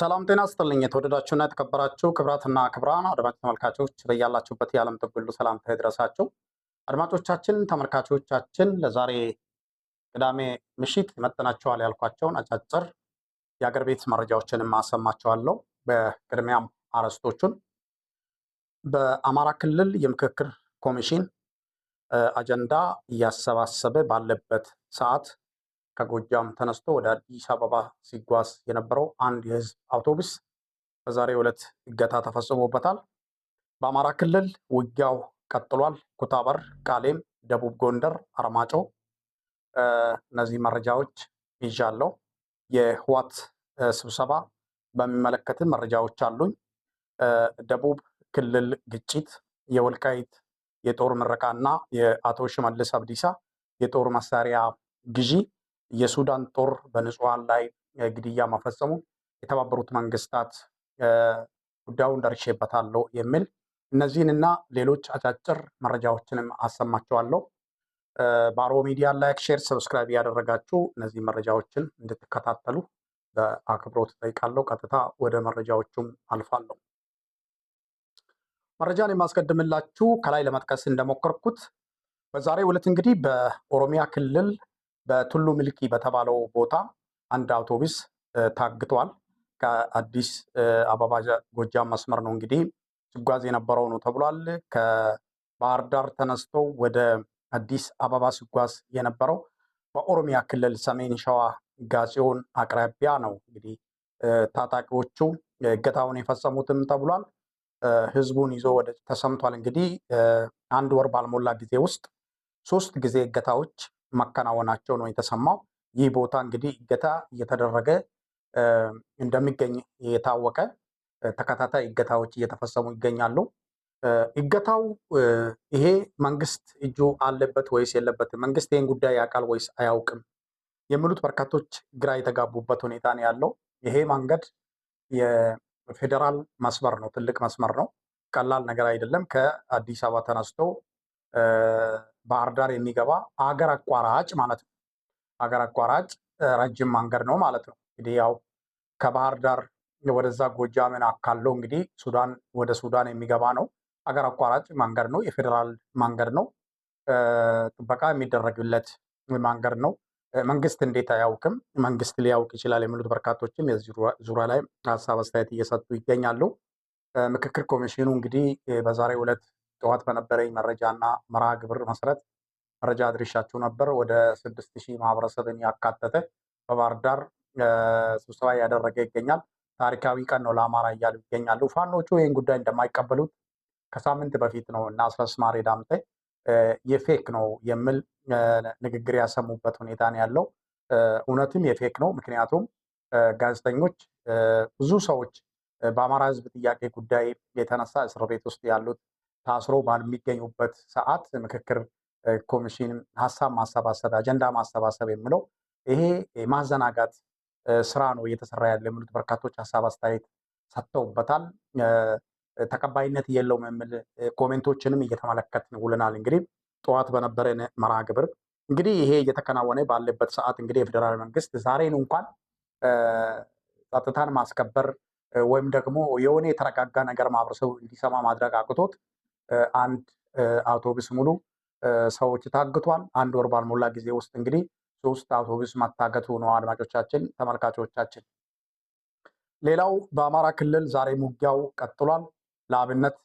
ሰላም ጤና ስጥልኝ። የተወደዳችሁና የተከበራችሁ ክብራትና ክብራን አድማጭ ተመልካቾች በያላችሁበት የዓለም ጥግ ሁሉ ሰላምታ ይድረሳችሁ። አድማጮቻችን፣ ተመልካቾቻችን ለዛሬ ቅዳሜ ምሽት መጥናቸዋል ያልኳቸውን አጫጭር የአገር ቤት መረጃዎችን አሰማቸዋለሁ። በቅድሚያም አርዕስቶቹን በአማራ ክልል የምክክር ኮሚሽን አጀንዳ እያሰባሰበ ባለበት ሰዓት ከጎጃም ተነስቶ ወደ አዲስ አበባ ሲጓዝ የነበረው አንድ የህዝብ አውቶቡስ በዛሬው ዕለት እገታ ተፈጽሞበታል። በአማራ ክልል ውጊያው ቀጥሏል። ኩታበር፣ ቃሌም፣ ደቡብ ጎንደር፣ አርማጮ እነዚህ መረጃዎች ይዣለሁ። የህዋት ስብሰባ በሚመለከት መረጃዎች አሉኝ። ደቡብ ክልል ግጭት፣ የወልቃይት የጦር ምረቃና የአቶ ሽመልስ አብዲሳ የጦር መሳሪያ ግዢ የሱዳን ጦር በንጹሐን ላይ ግድያ ማፈጸሙ የተባበሩት መንግስታት ጉዳዩን ደርሼበታለሁ የሚል እነዚህንና ሌሎች አጫጭር መረጃዎችንም አሰማችኋለሁ። ባሮ ሚዲያ ላይክ፣ ሼር፣ ሰብስክራይብ ያደረጋችሁ እነዚህ መረጃዎችን እንድትከታተሉ በአክብሮት ጠይቃለሁ። ቀጥታ ወደ መረጃዎቹም አልፋለሁ። መረጃን የማስቀድምላችሁ ከላይ ለመጥቀስ እንደሞከርኩት በዛሬው ዕለት እንግዲህ በኦሮሚያ ክልል በቱሉ ምልኪ በተባለው ቦታ አንድ አውቶቡስ ታግቷል። ከአዲስ አበባ ጎጃም መስመር ነው እንግዲህ ሲጓዝ የነበረው ነው ተብሏል። ከባህር ዳር ተነስቶ ወደ አዲስ አበባ ሲጓዝ የነበረው በኦሮሚያ ክልል ሰሜን ሸዋ ጋሲዮን አቅራቢያ ነው እንግዲህ ታጣቂዎቹ እገታውን የፈጸሙትም ተብሏል። ህዝቡን ይዞ ወደ ተሰምቷል። እንግዲህ አንድ ወር ባልሞላ ጊዜ ውስጥ ሶስት ጊዜ እገታዎች መከናወናቸው ነው የተሰማው። ይህ ቦታ እንግዲህ እገታ እየተደረገ እንደሚገኝ የታወቀ ተከታታይ እገታዎች እየተፈጸሙ ይገኛሉ። እገታው ይሄ መንግስት እጁ አለበት ወይስ የለበትም? መንግስት ይህን ጉዳይ ያውቃል ወይስ አያውቅም? የሚሉት በርካቶች ግራ የተጋቡበት ሁኔታ ነው ያለው። ይሄ መንገድ የፌዴራል መስመር ነው፣ ትልቅ መስመር ነው፣ ቀላል ነገር አይደለም። ከአዲስ አበባ ተነስቶ ባህር ዳር የሚገባ አገር አቋራጭ ማለት ነው። አገር አቋራጭ ረጅም መንገድ ነው ማለት ነው። እንግዲህ ያው ከባህር ዳር ወደዛ ጎጃምን አካለው እንግዲህ ሱዳን ወደ ሱዳን የሚገባ ነው። አገር አቋራጭ መንገድ ነው። የፌዴራል መንገድ ነው። ጥበቃ የሚደረግለት መንገድ ነው። መንግስት እንዴት አያውቅም? መንግስት ሊያውቅ ይችላል የሚሉት በርካቶችም ዙሪያ ላይ ሀሳብ አስተያየት እየሰጡ ይገኛሉ። ምክክር ኮሚሽኑ እንግዲህ በዛሬው ዕለት ጠዋት በነበረኝ መረጃና መርሃ ግብር መሰረት መረጃ ድርሻቸው ነበር። ወደ ስድስት ሺህ ማህበረሰብን ያካተተ በባህር ዳር ስብሰባ ያደረገ ይገኛል። ታሪካዊ ቀን ነው ለአማራ እያሉ ይገኛሉ። ፋኖቹ ይህን ጉዳይ እንደማይቀበሉት ከሳምንት በፊት ነው እና አስረስ ዳምጠ የፌክ ነው የሚል ንግግር ያሰሙበት ሁኔታ ነው ያለው። እውነትም የፌክ ነው። ምክንያቱም ጋዜጠኞች ብዙ ሰዎች በአማራ ሕዝብ ጥያቄ ጉዳይ የተነሳ እስር ቤት ውስጥ ያሉት ታስሮ በሚገኙበት ሰዓት ምክክር ኮሚሽን ሀሳብ ማሰባሰብ አጀንዳ ማሰባሰብ የምለው ይሄ የማዘናጋት ስራ ነው እየተሰራ ያለ የሚሉት በርካቶች ሀሳብ አስተያየት ሰጥተውበታል። ተቀባይነት የለውም የሚል ኮሜንቶችንም እየተመለከትን ውለናል። እንግዲህ ጠዋት በነበረ መርሃ ግብር እንግዲህ ይሄ እየተከናወነ ባለበት ሰዓት እንግዲህ የፌዴራል መንግስት ዛሬን እንኳን ጸጥታን ማስከበር ወይም ደግሞ የሆነ የተረጋጋ ነገር ማህበረሰቡ እንዲሰማ ማድረግ አቅቶት አንድ አውቶቡስ ሙሉ ሰዎች ታግቷል። አንድ ወር ባልሞላ ጊዜ ውስጥ እንግዲህ ሶስት አውቶቡስ ማታገቱ ነው። አድማጮቻችን፣ ተመልካቾቻችን ሌላው በአማራ ክልል ዛሬ ውጊያው ቀጥሏል። ለአብነት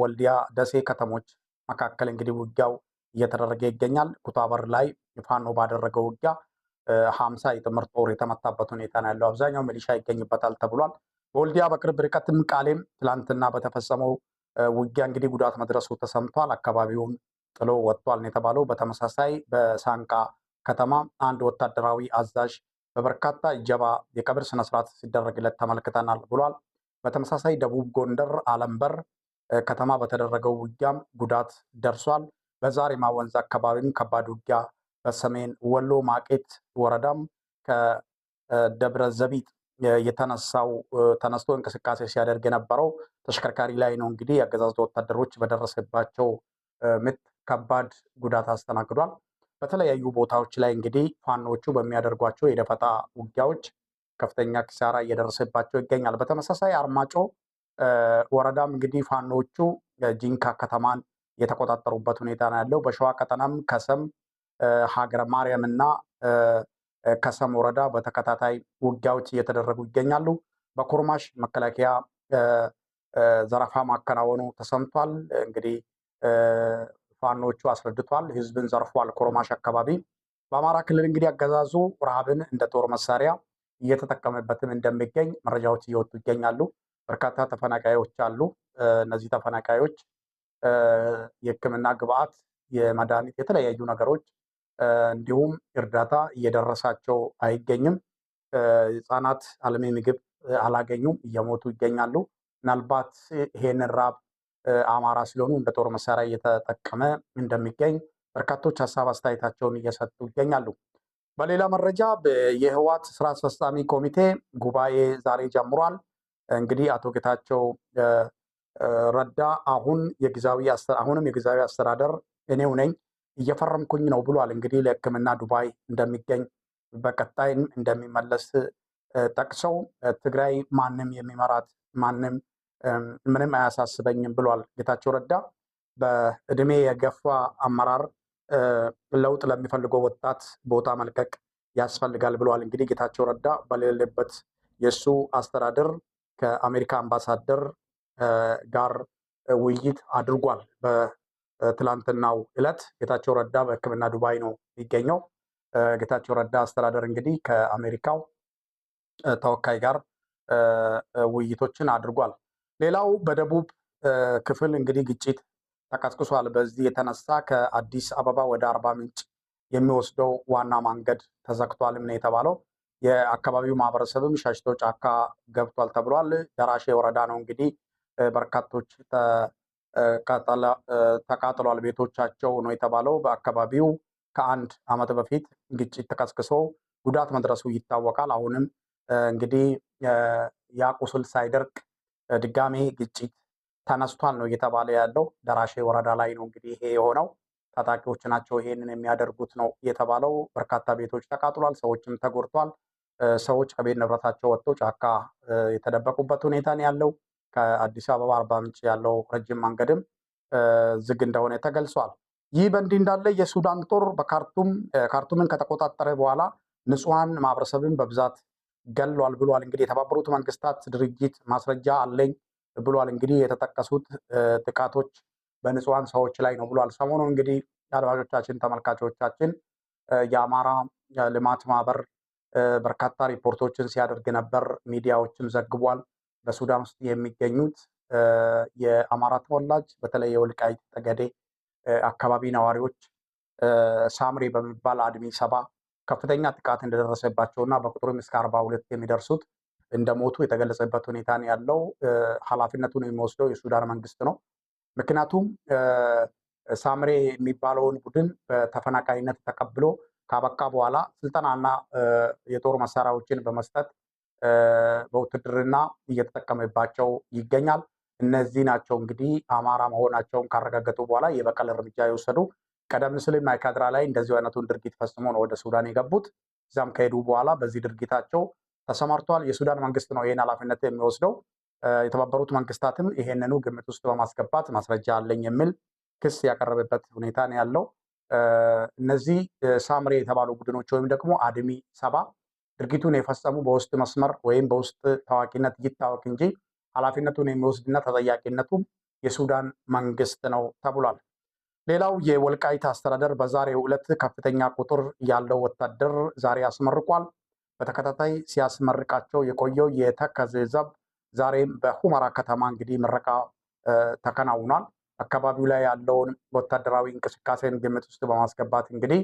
ወልዲያ፣ ደሴ ከተሞች መካከል እንግዲህ ውጊያው እየተደረገ ይገኛል። ኩታበር ላይ ፋኖ ባደረገው ውጊያ ሀምሳ የጥምር ጦር የተመታበት ሁኔታ ነው ያለው። አብዛኛው ሚሊሻ ይገኝበታል ተብሏል። በወልዲያ በቅርብ ርቀትም ቃሌም ትላንትና በተፈጸመው ውጊያ እንግዲህ ጉዳት መድረሱ ተሰምቷል። አካባቢውን ጥሎ ወጥቷል ነው የተባለው። በተመሳሳይ በሳንቃ ከተማ አንድ ወታደራዊ አዛዥ በበርካታ እጀባ የቀብር ስነስርዓት ሲደረግለት ተመልክተናል ብሏል። በተመሳሳይ ደቡብ ጎንደር አለምበር ከተማ በተደረገው ውጊያም ጉዳት ደርሷል። በዛሪማ ወንዝ አካባቢም ከባድ ውጊያ በሰሜን ወሎ ማቄት ወረዳም ከደብረ ዘቢጥ የተነሳው ተነስቶ እንቅስቃሴ ሲያደርግ የነበረው ተሽከርካሪ ላይ ነው። እንግዲህ የአገዛዙ ወታደሮች በደረሰባቸው ምት ከባድ ጉዳት አስተናግዷል። በተለያዩ ቦታዎች ላይ እንግዲህ ፋኖቹ በሚያደርጓቸው የደፈጣ ውጊያዎች ከፍተኛ ኪሳራ እየደረሰባቸው ይገኛል። በተመሳሳይ አርማጮ ወረዳም እንግዲህ ፋኖቹ ጂንካ ከተማን የተቆጣጠሩበት ሁኔታ ነው ያለው። በሸዋ ቀጠናም ከሰም ሀገረ ማርያም እና ከሰም ወረዳ በተከታታይ ውጊያዎች እየተደረጉ ይገኛሉ። በኩርማሽ መከላከያ ዘረፋ ማከናወኑ ተሰምቷል። እንግዲህ ፋኖቹ አስረድቷል። ህዝብን ዘርፏል። ኮርማሽ አካባቢ በአማራ ክልል እንግዲህ አገዛዙ ረሃብን እንደ ጦር መሳሪያ እየተጠቀመበትም እንደሚገኝ መረጃዎች እየወጡ ይገኛሉ። በርካታ ተፈናቃዮች አሉ። እነዚህ ተፈናቃዮች የህክምና ግብአት፣ የመድኃኒት፣ የተለያዩ ነገሮች እንዲሁም እርዳታ እየደረሳቸው አይገኝም። ህጻናት አልሚ ምግብ አላገኙም፣ እየሞቱ ይገኛሉ። ምናልባት ይሄንን ራብ አማራ ስለሆኑ እንደ ጦር መሳሪያ እየተጠቀመ እንደሚገኝ በርካቶች ሀሳብ አስተያየታቸውን እየሰጡ ይገኛሉ። በሌላ መረጃ የህወሓት ስራ አስፈጻሚ ኮሚቴ ጉባኤ ዛሬ ጀምሯል። እንግዲህ አቶ ጌታቸው ረዳ አሁን አሁንም የጊዜያዊ አስተዳደር እኔው ነኝ እየፈረምኩኝ ነው ብሏል። እንግዲህ ለሕክምና ዱባይ እንደሚገኝ በቀጣይም እንደሚመለስ ጠቅሰው ትግራይ ማንም የሚመራት ማንም ምንም አያሳስበኝም ብሏል። ጌታቸው ረዳ በእድሜ የገፋ አመራር ለውጥ ለሚፈልገው ወጣት ቦታ መልቀቅ ያስፈልጋል ብለዋል። እንግዲህ ጌታቸው ረዳ በሌለበት የእሱ አስተዳደር ከአሜሪካ አምባሳደር ጋር ውይይት አድርጓል። ትላንትናው ዕለት ጌታቸው ረዳ በሕክምና ዱባይ ነው የሚገኘው። ጌታቸው ረዳ አስተዳደር እንግዲህ ከአሜሪካው ተወካይ ጋር ውይይቶችን አድርጓል። ሌላው በደቡብ ክፍል እንግዲህ ግጭት ተቀስቅሷል። በዚህ የተነሳ ከአዲስ አበባ ወደ አርባ ምንጭ የሚወስደው ዋና መንገድ ተዘግቷልም ነው የተባለው። የአካባቢው ማህበረሰብም ሸሽቶ ጫካ ገብቷል ተብሏል። ደራሼ ወረዳ ነው እንግዲህ በርካቶች ተቃጥሏል ቤቶቻቸው ነው የተባለው። በአካባቢው ከአንድ ዓመት በፊት ግጭት ተቀስቅሶ ጉዳት መድረሱ ይታወቃል። አሁንም እንግዲህ ያ ቁስል ሳይደርቅ ድጋሜ ግጭት ተነስቷል ነው እየተባለ ያለው። ደራሼ ወረዳ ላይ ነው እንግዲህ ይሄ የሆነው። ታጣቂዎች ናቸው ይሄንን የሚያደርጉት ነው የተባለው። በርካታ ቤቶች ተቃጥሏል፣ ሰዎችም ተጎድቷል። ሰዎች ከቤት ንብረታቸው ወጥቶ ጫካ የተደበቁበት ሁኔታ ነው ያለው። ከአዲስ አበባ አርባ ምንጭ ያለው ረጅም መንገድም ዝግ እንደሆነ ተገልጿል። ይህ በእንዲህ እንዳለ የሱዳን ጦር በካርቱም ካርቱምን ከተቆጣጠረ በኋላ ንጹሐን ማህበረሰብን በብዛት ገሏል ብሏል። እንግዲህ የተባበሩት መንግስታት ድርጅት ማስረጃ አለኝ ብሏል። እንግዲህ የተጠቀሱት ጥቃቶች በንጹሐን ሰዎች ላይ ነው ብሏል። ሰሞኑን እንግዲህ የአድማጮቻችን ተመልካቾቻችን የአማራ ልማት ማህበር በርካታ ሪፖርቶችን ሲያደርግ ነበር። ሚዲያዎችም ዘግቧል። በሱዳን ውስጥ የሚገኙት የአማራ ተወላጅ በተለይ የወልቃይት ጠገዴ አካባቢ ነዋሪዎች ሳምሬ በሚባል አድሚ ሰባ ከፍተኛ ጥቃት እንደደረሰባቸው እና በቁጥርም እስከ አርባ ሁለት የሚደርሱት እንደሞቱ የተገለጸበት ሁኔታ ያለው። ኃላፊነቱን የሚወስደው የሱዳን መንግስት ነው። ምክንያቱም ሳምሬ የሚባለውን ቡድን በተፈናቃይነት ተቀብሎ ካበቃ በኋላ ስልጠናና የጦር መሳሪያዎችን በመስጠት በውትድርና እየተጠቀመባቸው ይገኛል። እነዚህ ናቸው እንግዲህ አማራ መሆናቸውን ካረጋገጡ በኋላ የበቀል እርምጃ የወሰዱ። ቀደም ሲል ማይካድራ ላይ እንደዚሁ አይነቱን ድርጊት ፈጽሞ ነው ወደ ሱዳን የገቡት። እዛም ከሄዱ በኋላ በዚህ ድርጊታቸው ተሰማርተዋል። የሱዳን መንግስት ነው ይህን ኃላፊነት የሚወስደው። የተባበሩት መንግስታትም ይሄንኑ ግምት ውስጥ በማስገባት ማስረጃ አለኝ የሚል ክስ ያቀረበበት ሁኔታ ነው ያለው። እነዚህ ሳምሬ የተባሉ ቡድኖች ወይም ደግሞ አድሚ ሰባ ድርጊቱን የፈጸሙ በውስጥ መስመር ወይም በውስጥ ታዋቂነት ይታወቅ እንጂ ኃላፊነቱን የሚወስድና ተጠያቂነቱ የሱዳን መንግስት ነው ተብሏል። ሌላው የወልቃይት አስተዳደር በዛሬው ዕለት ከፍተኛ ቁጥር ያለው ወታደር ዛሬ አስመርቋል። በተከታታይ ሲያስመርቃቸው የቆየው የተከዜ ዘብ ዛሬም በሁመራ ከተማ እንግዲህ ምረቃ ተከናውኗል። አካባቢው ላይ ያለውን ወታደራዊ እንቅስቃሴን ግምት ውስጥ በማስገባት እንግዲህ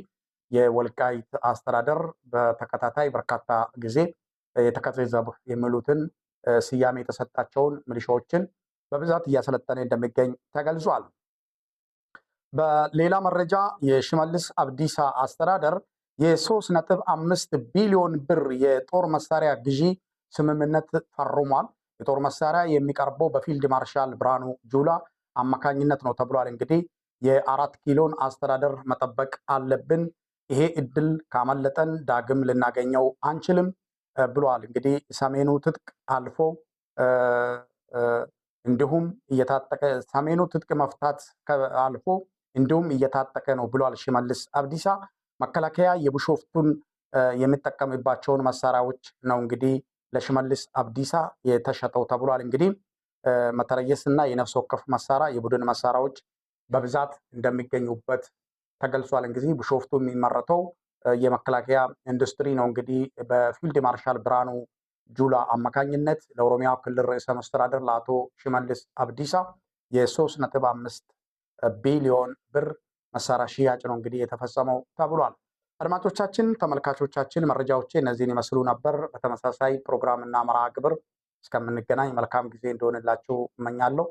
የወልቃይት አስተዳደር በተከታታይ በርካታ ጊዜ የተከዜ የሚሉትን ስያሜ የተሰጣቸውን ሚሊሻዎችን በብዛት እያሰለጠነ እንደሚገኝ ተገልጿል። በሌላ መረጃ የሽመልስ አብዲሳ አስተዳደር የሶስት ነጥብ አምስት ቢሊዮን ብር የጦር መሳሪያ ግዢ ስምምነት ፈርሟል። የጦር መሳሪያ የሚቀርበው በፊልድ ማርሻል ብርሃኑ ጁላ አማካኝነት ነው ተብሏል። እንግዲህ የአራት ኪሎን አስተዳደር መጠበቅ አለብን ይሄ እድል ካመለጠን ዳግም ልናገኘው አንችልም ብሏል። እንግዲህ ሰሜኑ ትጥቅ አልፎ እንዲሁም እየታጠቀ ሰሜኑ ትጥቅ መፍታት አልፎ እንዲሁም እየታጠቀ ነው ብሏል ሽመልስ አብዲሳ። መከላከያ የብሾፍቱን የሚጠቀምባቸውን መሳሪያዎች ነው እንግዲህ ለሽመልስ አብዲሳ የተሸጠው ተብሏል። እንግዲህ መተረየስ እና የነፍስ ወከፍ መሳሪያ የቡድን መሳሪያዎች በብዛት እንደሚገኙበት ተገልጿል። እንግዲህ ብሾፍቱ የሚመረተው የመከላከያ ኢንዱስትሪ ነው። እንግዲህ በፊልድ ማርሻል ብርሃኑ ጁላ አማካኝነት ለኦሮሚያ ክልል ርዕሰ መስተዳደር ለአቶ ሽመልስ አብዲሳ የ ነጥብ አምስት ቢሊዮን ብር መሳሪያ ሽያጭ ነው እንግዲህ የተፈጸመው ተብሏል። አድማጮቻችን፣ ተመልካቾቻችን መረጃዎች እነዚህን ይመስሉ ነበር። በተመሳሳይ ፕሮግራምና መርሃ ግብር እስከምንገናኝ መልካም ጊዜ እንደሆንላችሁ እመኛለሁ።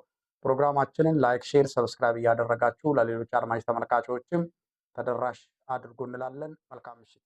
ፕሮግራማችንን ላይክ፣ ሼር፣ ሰብስክራይብ እያደረጋችሁ ለሌሎች አድማጭ ተመልካቾችም ተደራሽ አድርጎ እንላለን። መልካም ምሽት።